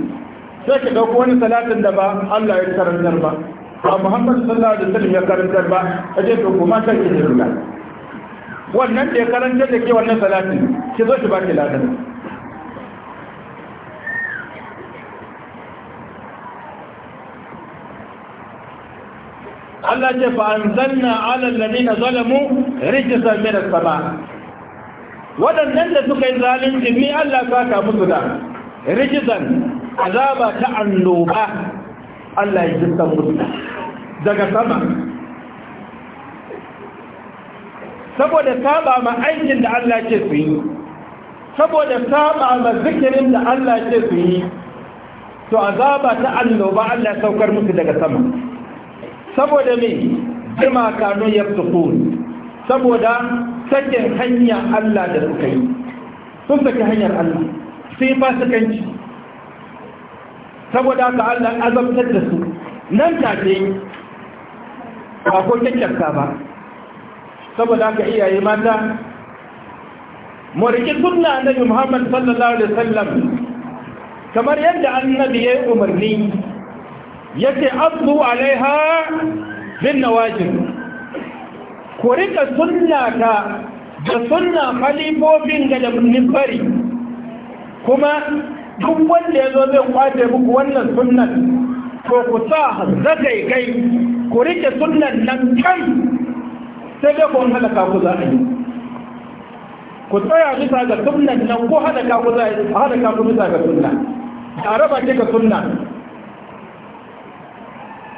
sai ka dauko wani salatin da ba Allah ya karantar ba ba Muhammad sallallahu alaihi wasallam ya karantar ba a je to kuma sai ki ruga wannan da ya karantar da ke wannan salatin ki zo ki ba ki ladan Allah ce fa anzalna ala alladhina zalamu rijzan min as-sama wadannan da suka yi zalunci ni Allah ka ka musu da rijzan azaba ta annoba Allah ya jinta musu daga sama saboda saba ma aikin da Allah ke su yi saboda saba ma zikirin da Allah ke su yi to azaba ta annoba Allah saukar musu daga sama saboda me jima kanu yabtukun saboda sakin hanya Allah da suka yi sun saki hanyar Allah sai kanci saboda ka Allah azabtar da su nan take ba ko kyakkyarka ba saboda ka iyaye mata morikin sunna annabi Muhammad sallallahu alaihi wasallam kamar yadda annabi ya umarni yace abdu alaiha bin nawajib ku rika sunna ta da sunna khalifofin ga da nifari kuma duk wanda ya zo zai kwace muku wannan sunnan to ku sa zagai kai ku rike sunnan nan kan sai dai kun halaka ku za a yi ku tsaya bisa ga sunnan nan ko halaka ku za a yi halaka ku bisa ga sunna a raba ce ka sunna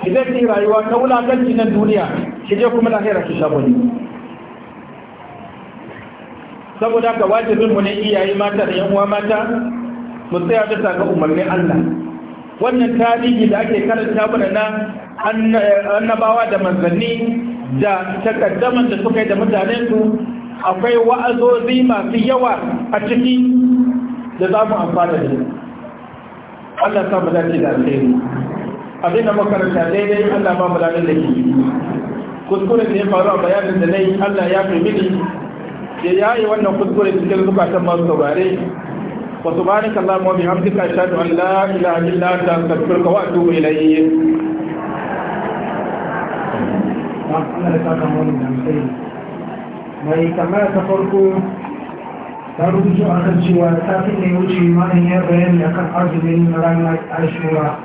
idan ki rayuwa ta wulakanci na duniya ki je kuma lahira ki shago ne saboda ka wajibin mu ne iyaye mata da yan uwa mata mu tsaya bisa ga umarnin Allah wannan tarihi da ake karanta mana na annabawa da manzanni da takaddaman da suka yi da mutanen su akwai wa'azozi masu yawa a ciki da za mu amfana da Allah sa mu dace da alheri abin da makaranta daidai Allah ba mu da ke kuskure da ya faru a bayanin da nayi Allah ya fi bidi ya yi wannan kuskure cikin zukatan masu saurare وسبحانك اللهم وبحمدك أشهد أن لا إله إلا أنت أستغفرك وأتوب إليك
mai kama ta farko ta rubutu a kan cewa ta fi ne wuce malam ya bayani akan azumin ranar ashura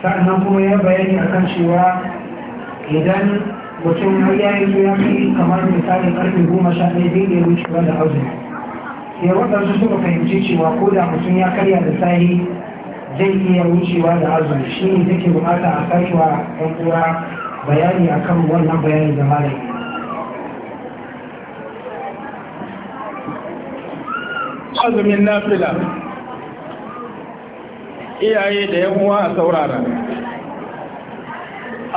sannan kuma ya bayani akan cewa idan mutum har ya yi ya fi kamar misali karfe goma sha ɗaya daidai wucewa da azumi sai su suka fahimci cewa ko da mutum ya karya da sahi zai iya wucewa da azumi shi ne take bukata a sakewa yan uwa bayani akan wannan bayanin da malami
azumin nafila
iyaye da yan uwa a saurara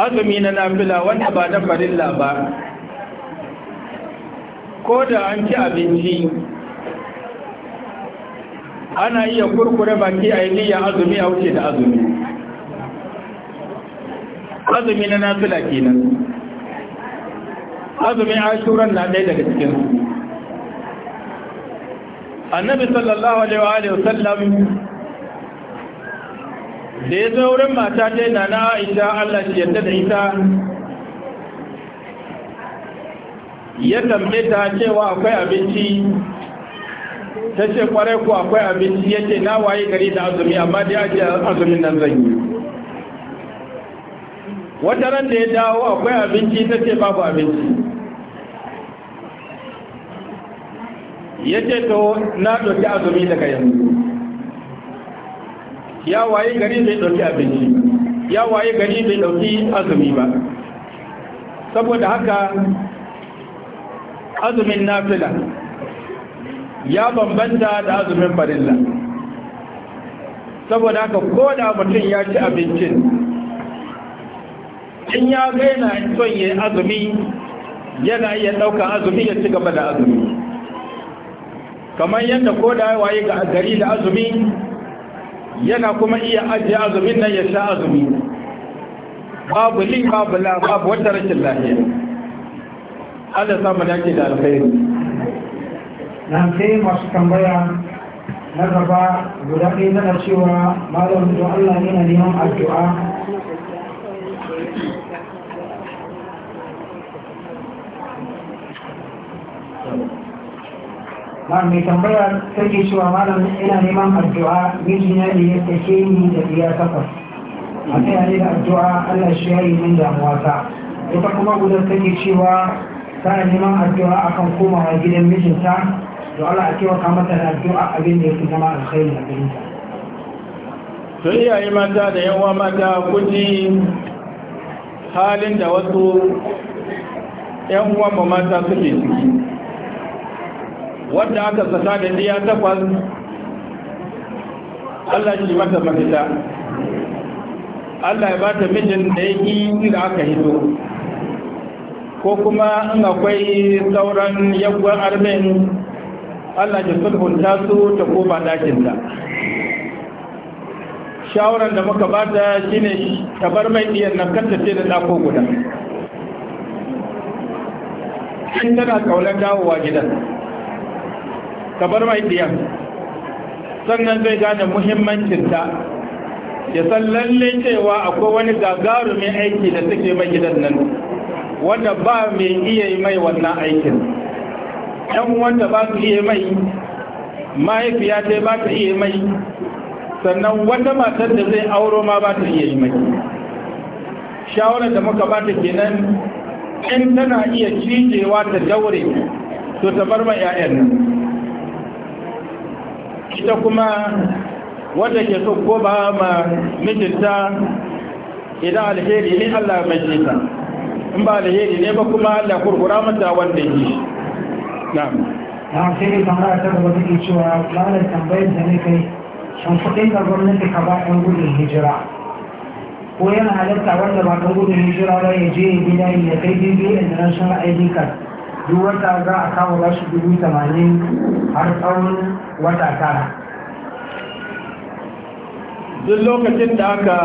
azumi na nafila wanda ba na farilla ba
ko da an ci abinci ana iya kurkure baki a yi niyya azumi a wuce da azumi azumi na nafila kenan
yi shuran na ɗaya
daga cikin annabi sallallahu alaihi wa sallam da ya zo wurin mata ta na aisha Allah shi yadda da ita ya tambaye ta cewa akwai abinci ta ce kwarai ko akwai abinci ya ce na waye gari da azumi amma da ake azumin nan zan yi wata ran da ya dawo akwai abinci ta ce babu abinci ya ce to na ɗauki azumi daga yanzu ya waye gari bai ɗauki abinci ya waye gari bai ɗauki azumi ba saboda haka azumin nafila ya bambanta da azumin farilla saboda haka koda da mutum ya ci abincin in ya gaina son ya azumi yana iya ɗauka azumi ya ci gaba da azumi kamar yadda koda da waye ga gari da azumi yana kuma iya ajiye azumin nan ya sha azumi babu lin babu la babu wata rashin lafiya Allah samu dace da
alkhairi
nan sai masu tambaya na gaba guda ɗaya tana cewa malam da Allah yana neman addu'a na mai tambaya take cewa malam ina neman addu'a mijina ne ya take ni da biya takwas a tsaya ne da addu'a Allah shi ya yi min damuwata ita kuma guda ke cewa ta neman addu'a akan komawa gidan mijinta to Allah a taimaka mata da addu'a abin da yake zama alkhairi a gare
ta
to iyaye mata da 'yan uwa mata kuji halin da wasu yan uwan mu mata suke ciki wanda aka saka da diya takwas Allah shi mata mafita Allah ya ba ta mijin da ya ƙi da aka hito ko kuma in akwai sauran yaggon arbin Allah ya sulhunta su ta koma ɗakinta shawaran da muka bata shine ta bar mai diyar nan kanta ce da dako guda in tana kaunar dawowa gidan ta bar mai diyar sannan zai gane muhimmancinta ya san lalle cewa akwai wani gagarumin aiki da take mai gidan nan wanda ba mai iya yi mai wannan aikin Yan wanda ba su iya mai mahaifiya ta ba ta iya mai sannan wanda matar da zai auro ma ba ta iya yi mai shawarar da muka bata kenan in tana iya cijewa ta daure to ta bar ma 'ya'yan nan ita kuma wanda ke so ko ba ma mijinta idan alheri ne Allah mai in ba alheri ne ba kuma Allah kurkura mata wanda yi shi
na sai tambaya ta gaba take cewa malam tambayar da ne kai shin kuɗin da gwamnati ka ba 'yan gudun hijira ko yana halatta wata ba gudun hijira ba ya je gida ya kai bibi international id card duk wata za
a kawo ba dubu tamanin har tsawon wata tara duk lokacin da aka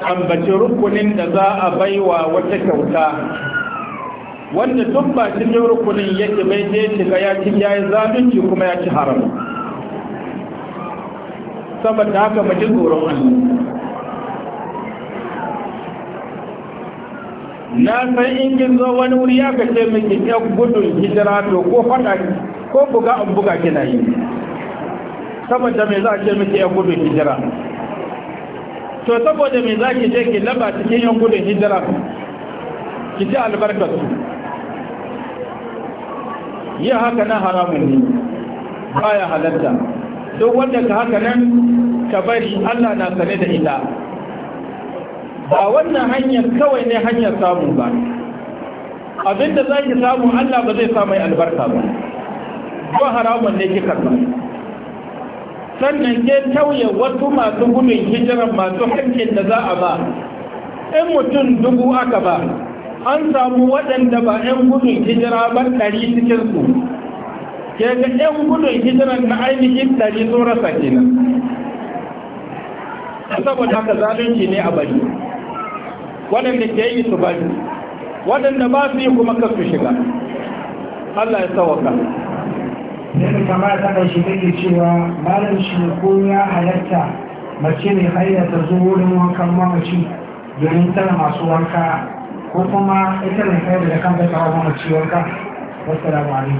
tambaci rukunin da za a baiwa wata kyauta wanda duk ba yau rukunin yake mai ne shiga ya ci yayi zalunci kuma ya ci haram saboda haka mu ji tsoron Allah na san in kin zo wani wuri ya kace miki ya gudun hijira to ko fada ko buga an buga kina yi saboda me za a ce miki ya gudun hijira to saboda me za ki je ki laba cikin yan gudun hijira ki ji albarkatu. yi haka na haramun ne baya halatta don wanda ka haka nan ka bari Allah na sane da ita ba wannan hanyar kawai ne hanyar samu ba abinda za ki samu Allah ba zai samu albarka ba ba haramun ne kika ba sannan ke tauye wasu masu gudun hijiran masu hankin da za a ba in mutum dubu aka ba an samu waɗanda ba 'yan gudun hijira ba ɗari cikinsu ke ga 'yan gudun hijiran na ainihin ɗari sun rasa kenan saboda haka zalunci ne a bari waɗanda ke yi su bari waɗanda ba su yi kuma kasu shiga Allah ya sawaka yadda ya taɓa shi take cewa malam shi ko ya
halatta mace ne hayyata zuwa wurin wankan mamaci domin tana masu wanka ko kuma ita mai kai da kan ta kawo mana ciwon ka wasu labari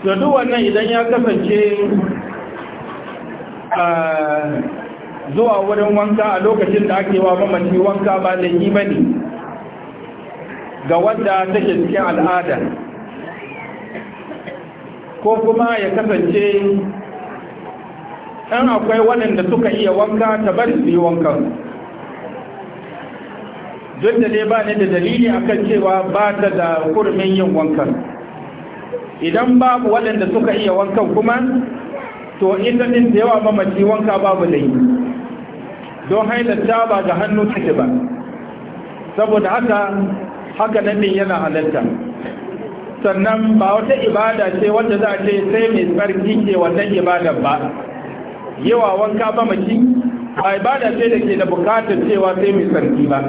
to wannan idan ya kasance
a zuwa wurin wanka a lokacin da ake wa mamaci wanka ba da yi ba ne ga wanda take cikin al'ada ko kuma ya kasance ɗan akwai waɗanda suka iya wanka ta bari su yi wankan duk da dai ba ni da dalili akan cewa ba ta da kurmin yin wanka. idan babu waɗanda suka iya wankan kuma to inda din da yawa mamaci wanka babu da yi don hailata ba ga hannu take ba saboda haka haka nan din yana halatta sannan ba wata ibada ce wanda za a ce sai mai tsarki ke wannan ibadar ba yawa wanka mamaci ba ibada ce da ke da bukatar cewa sai mai tsarki ba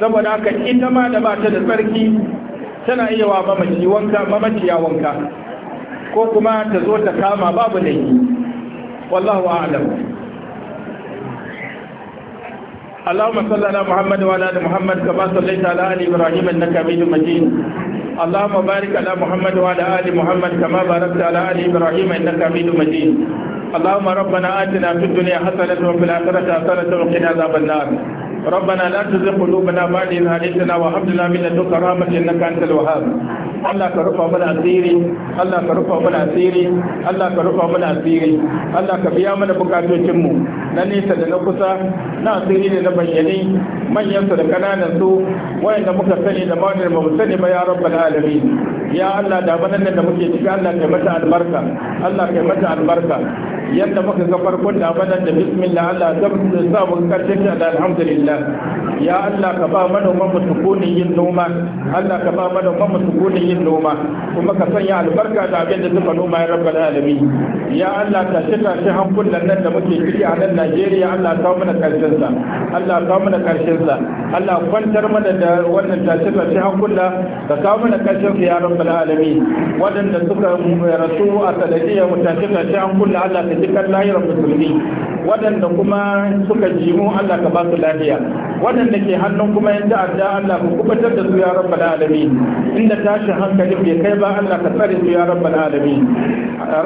saboda haka ita ma da ba ta da tsarki tana iya wa mamaci wanka mamaciya wanka ko kuma ta zo ta kama babu laifi wallahu a'lam اللهم صل على محمد وعلى ال محمد كما صليت على ال ابراهيم انك حميد مجيد اللهم بارك على محمد وعلى ال محمد كما باركت على ال ابراهيم انك حميد مجيد اللهم ربنا اتنا في الدنيا حسنه وفي الاخره حسنه وقنا عذاب النار ربنا لا تزغ قلوبنا بعد إذ هديتنا وهب لنا من لدنك رحمة إنك أنت الوهاب الله كرفع من أسيري الله كرفع من أسيري الله كرفع من أسيري الله كبيا من بكاتو جمو نني سدنكسا نأسيري لنبيني من ينصر كنانا سوء وإن مكسني لما نرمو سني يا رب العالمين ya Allah da banan da muke ciki Allah kai mata albarka Allah kai mata albarka yadda muka ga farkon da banan da bismillah Allah zan sa mu karshe da alhamdulillah ya Allah ka ba manoman mu sukunin yin noma Allah ka ba manoman mu sukunin yin noma kuma ka sanya albarka da abin da suka noma ya rabbal alamin ya Allah ta shi ta shi hankulan nan da muke ciki a nan Najeriya Allah ta mana karshen sa Allah ta mana karshen sa Allah kwantar mana da wannan tashi tashi hankula ka kawo mana karshen sa ya rabbal alamin waɗanda suka rasu a sanadiyar tashi tashi hankula Allah ta ji kan lahirar musulmi waɗanda kuma suka jimu Allah ka ba su lafiya waɗanda da ke hannun kuma yan ta'adda Allah ku kubatar da su ya rabbal alamin inda tashin hankalin bai kai ba Allah ka tsare su ya rabbal alamin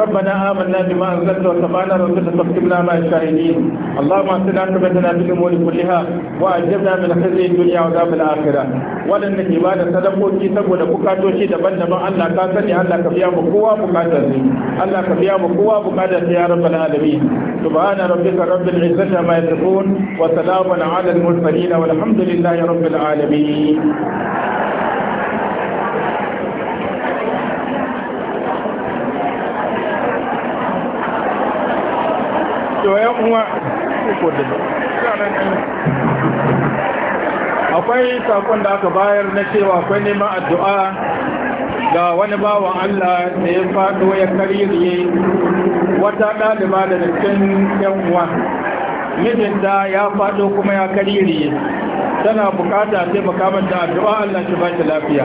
ربنا آمنا بما أنزلت وسمعنا وكنت تكتبنا مع الشاهدين اللهم أعطنا عقبتنا في الأمور كلها وأجبنا من خزي الدنيا وعذاب الآخرة ولن ibada sadakoki saboda bukatoci daban-daban Allah ka sani Allah ka biya mu kowa bukatar ne Allah ka biya mu kowa bukatar ya rabbal alamin subhana rabbika rabbil izzati amma yasifun wa salamun ala akwai sakon da aka bayar na cewa akwai neman addu'a ga wani bawa Allah da ya faɗo ya karirye wata ɗaliba da cikin yan uwa mijinta ya fado kuma ya karirye tana bukata taimaka mata addu'a Allah shi ba shi lafiya